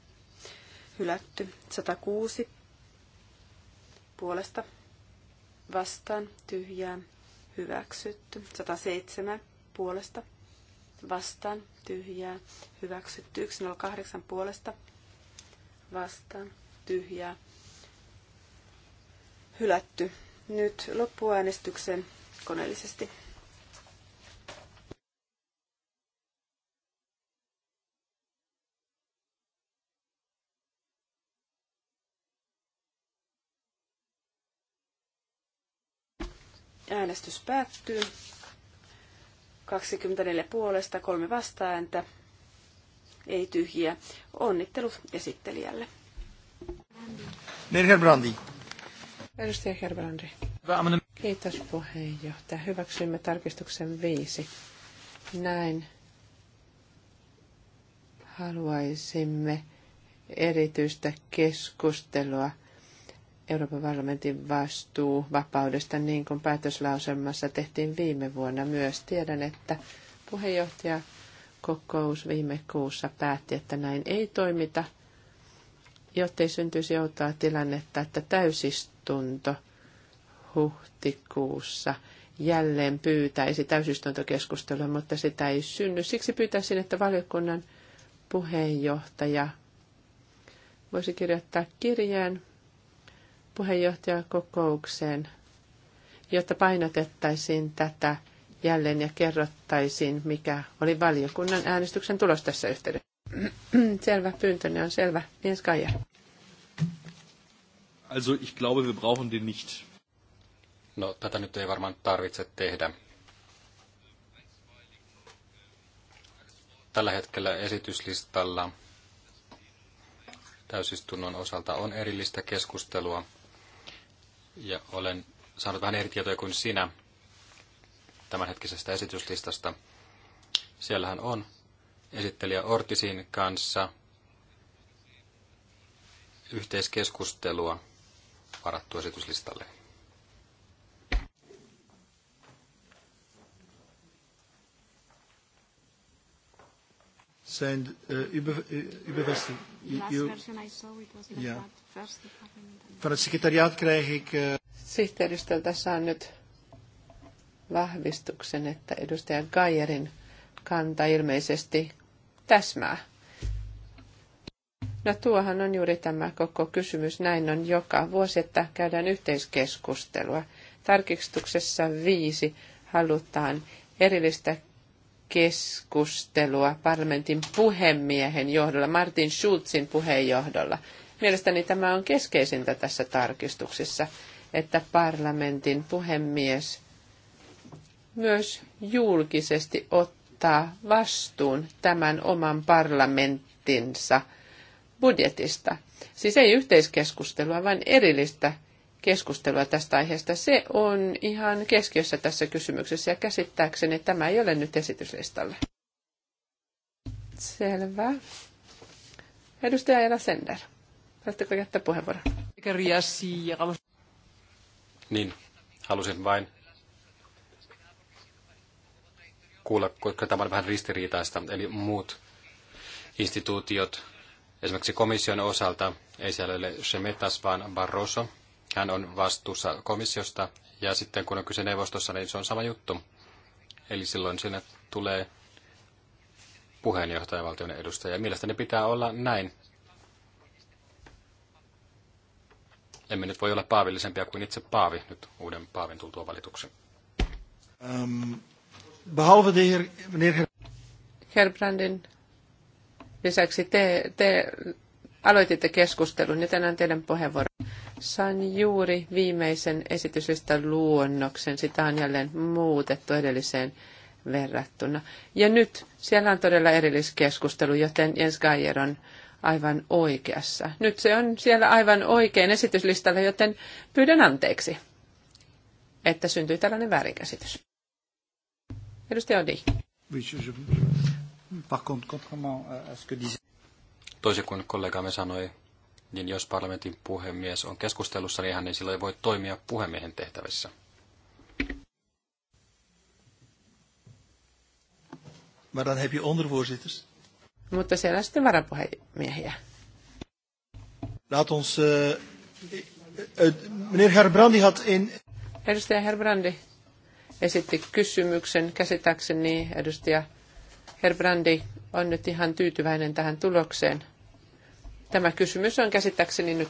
Speaker 3: hylätty. 106 puolesta vastaan tyhjää hyväksytty. 107 puolesta vastaan, tyhjää, hyväksytty. 108 puolesta, vastaan, tyhjää, hylätty. Nyt loppuäänestyksen koneellisesti. Äänestys päättyy. 24 puolesta, kolme vastaääntä, ei tyhjiä. Onnittelut esittelijälle. Herbrandi.
Speaker 1: Edustaja Herbrandi. Kiitos puheenjohtaja. Hyväksymme tarkistuksen viisi. Näin haluaisimme erityistä keskustelua – Euroopan parlamentin vastuu vapaudesta, niin kuin päätöslauselmassa tehtiin viime vuonna myös. Tiedän, että puheenjohtaja kokous viime kuussa päätti, että näin ei toimita, jottei syntyisi outoa tilannetta, että täysistunto huhtikuussa jälleen pyytäisi täysistuntokeskustelua, mutta sitä ei synny. Siksi pyytäisin, että valiokunnan puheenjohtaja voisi kirjoittaa kirjeen puheenjohtajakokoukseen, jotta painotettaisiin tätä jälleen ja kerrottaisiin, mikä oli valiokunnan äänestyksen tulos tässä yhteydessä. selvä, pyyntöni on selvä. Mies Kaija.
Speaker 2: Also ich glaube, wir brauchen den nicht. No, tätä nyt ei varmaan tarvitse tehdä. Tällä hetkellä esityslistalla täysistunnon osalta on erillistä keskustelua ja olen saanut vähän eri tietoja kuin sinä tämänhetkisestä esityslistasta. Siellähän on esittelijä Ortisin kanssa yhteiskeskustelua varattu esityslistalle.
Speaker 3: send uh, über, Yeah. Uh,
Speaker 2: van het secretariaat krijg ik... Uh...
Speaker 1: Sihteeristöltä saan nyt vahvistuksen, että edustaja Gajerin kanta ilmeisesti täsmää. No tuohan on juuri tämä koko kysymys. Näin on joka vuosi, että käydään yhteiskeskustelua. Tarkistuksessa viisi halutaan erillistä keskustelua parlamentin puhemiehen johdolla, Martin Schulzin puheenjohdolla. Mielestäni tämä on keskeisintä tässä tarkistuksessa, että parlamentin puhemies myös julkisesti ottaa vastuun tämän oman parlamenttinsa budjetista. Siis ei yhteiskeskustelua, vaan erillistä keskustelua tästä aiheesta. Se on ihan keskiössä tässä kysymyksessä ja käsittääkseni tämä ei ole nyt esityslistalle. Selvä. Edustaja Jana Sender, haluatteko jättää puheenvuoron?
Speaker 2: Niin, halusin vain kuulla, koska tämä on vähän ristiriitaista. Eli muut instituutiot, esimerkiksi komission osalta, ei siellä ole Shemetas, vaan Barroso – hän on vastuussa komissiosta ja sitten kun on kyse neuvostossa, niin se on sama juttu. Eli silloin sinne tulee puheenjohtajavaltion edustaja. Mielestäni pitää olla näin. Emme nyt voi olla paavillisempia kuin itse paavi nyt uuden paavin tultua valituksi. Um, behalve de
Speaker 1: heer, lisäksi te, te aloititte keskustelun, nyt annan teidän puheenvuoron. Sain juuri viimeisen esityslistan luonnoksen. Sitä on jälleen muutettu edelliseen verrattuna. Ja nyt siellä on todella erilliskeskustelu, joten Jens Geier on aivan oikeassa. Nyt se on siellä aivan oikein esityslistalla, joten pyydän anteeksi, että syntyi tällainen väärinkäsitys. Edustaja Odi.
Speaker 2: Toisin kuin kollegamme sanoi, niin jos parlamentin puhemies on keskustelussa, niin hän ei silloin voi toimia puhemiehen tehtävissä. Maar dan heb je ondervoorzitters.
Speaker 1: Mutta siellä on sitten varapuhemiehiä.
Speaker 2: Laat ons... Uh, uh, meneer Herbrandi had
Speaker 1: in... Edustaja Herbrandi esitti kysymyksen käsittääkseni. Edustaja Herbrandi on nyt ihan tyytyväinen tähän tulokseen. Tämä kysymys on käsittääkseni nyt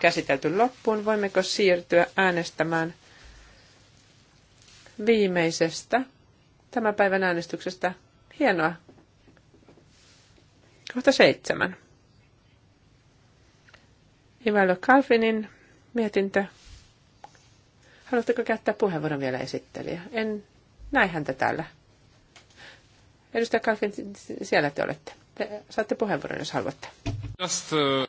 Speaker 1: käsitelty loppuun. Voimmeko siirtyä äänestämään viimeisestä tämän päivän äänestyksestä? Hienoa. Kohta seitsemän. Ivalo Kalfinin mietintö. Haluatteko käyttää puheenvuoron vielä esittelijä? En näe häntä täällä. Edustaja Kalfin, siellä te olette. Te saatte puheenvuoron, jos haluatte.
Speaker 2: Just, uh...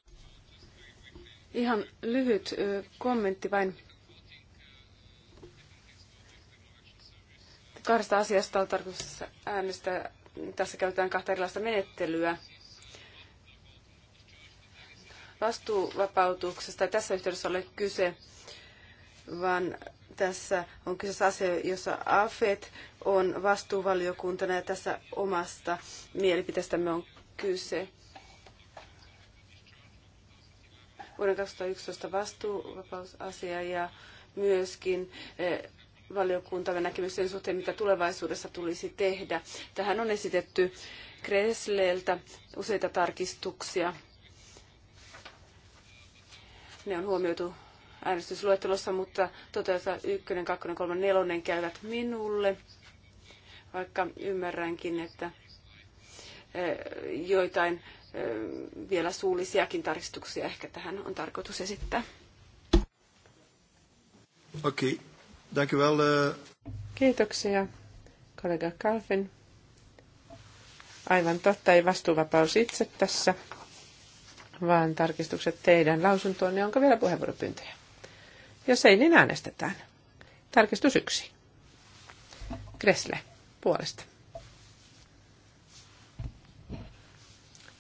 Speaker 3: Ihan lyhyt kommentti vain. Kahdesta asiasta on tarkoitus äänestää. Tässä käytetään kahta erilaista menettelyä. Vastuuvapautuksesta ei tässä yhteydessä ole kyse, vaan tässä on kyseessä asia, jossa AFET on vastuuvaliokuntana ja tässä omasta mielipiteestämme on kyse. vuoden 2011 vastuuvapausasia ja myöskin eh, valiokunta näkemys sen suhteen, mitä tulevaisuudessa tulisi tehdä. Tähän on esitetty Kresleltä useita tarkistuksia. Ne on huomioitu äänestysluettelossa, mutta toteuta ykkönen, kakkonen, kolmen, nelonen käyvät minulle, vaikka ymmärränkin, että eh, joitain vielä suullisiakin tarkistuksia ehkä tähän on tarkoitus
Speaker 1: esittää.
Speaker 2: Okei, okay. Thank eh.
Speaker 1: Kiitoksia, kollega Kalfin. Aivan totta, ei vastuuvapaus itse tässä, vaan tarkistukset teidän lausuntoonne. Onko vielä puheenvuoropyyntöjä? Jos ei, niin äänestetään. Tarkistus yksi. Kresle, puolesta.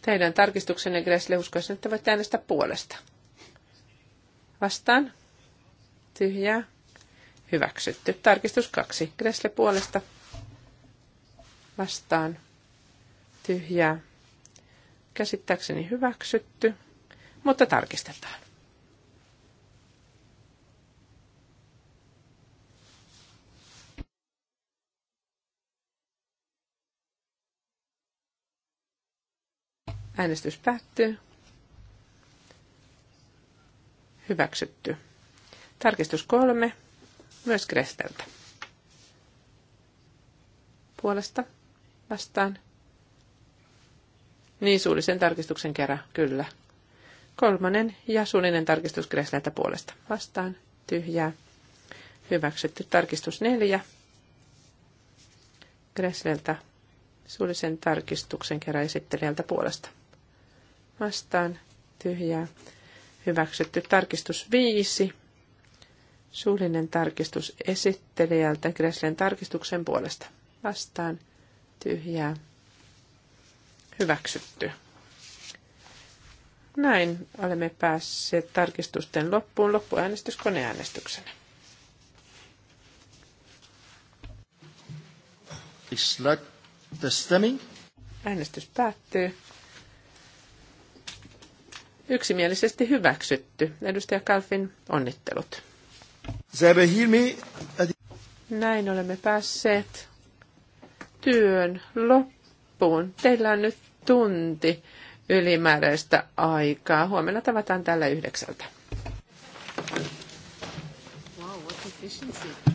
Speaker 1: Teidän tarkistuksenne Gressle uskoisin, että voitte äänestää puolesta. Vastaan. Tyhjää. Hyväksytty. Tarkistus kaksi. Gressle puolesta. Vastaan. Tyhjää. Käsittääkseni hyväksytty, mutta tarkistetaan. Äänestys päättyy. Hyväksytty. Tarkistus kolme. Myös Kresteltä. Puolesta. Vastaan. Niin suullisen tarkistuksen kerran, kyllä. Kolmannen ja suullinen tarkistus Kresleltä puolesta. Vastaan. Tyhjää. Hyväksytty. Tarkistus neljä. Kresleltä suullisen tarkistuksen kerran esittelijältä puolesta vastaan tyhjää hyväksytty. Tarkistus 5. Suullinen tarkistus esittelijältä Greslen tarkistuksen puolesta. Vastaan tyhjää hyväksytty. Näin olemme päässeet tarkistusten loppuun loppuäänestys Äänestys päättyy yksimielisesti hyväksytty. Edustaja Kalfin, onnittelut. Näin olemme päässeet työn loppuun. Teillä on nyt tunti ylimääräistä aikaa. Huomenna tavataan tällä yhdeksältä. Wow, what efficiency.